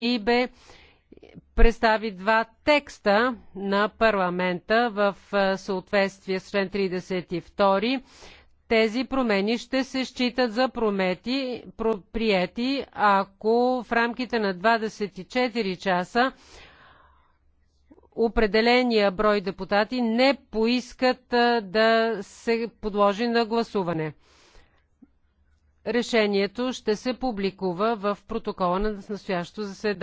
Ибе представи два текста на парламента в съответствие с член 32. Тези промени ще се считат за промети, про, приети, ако в рамките на 24 часа определения брой депутати не поискат да се подложи на гласуване. Решението ще се публикува в протокола на настоящото заседание.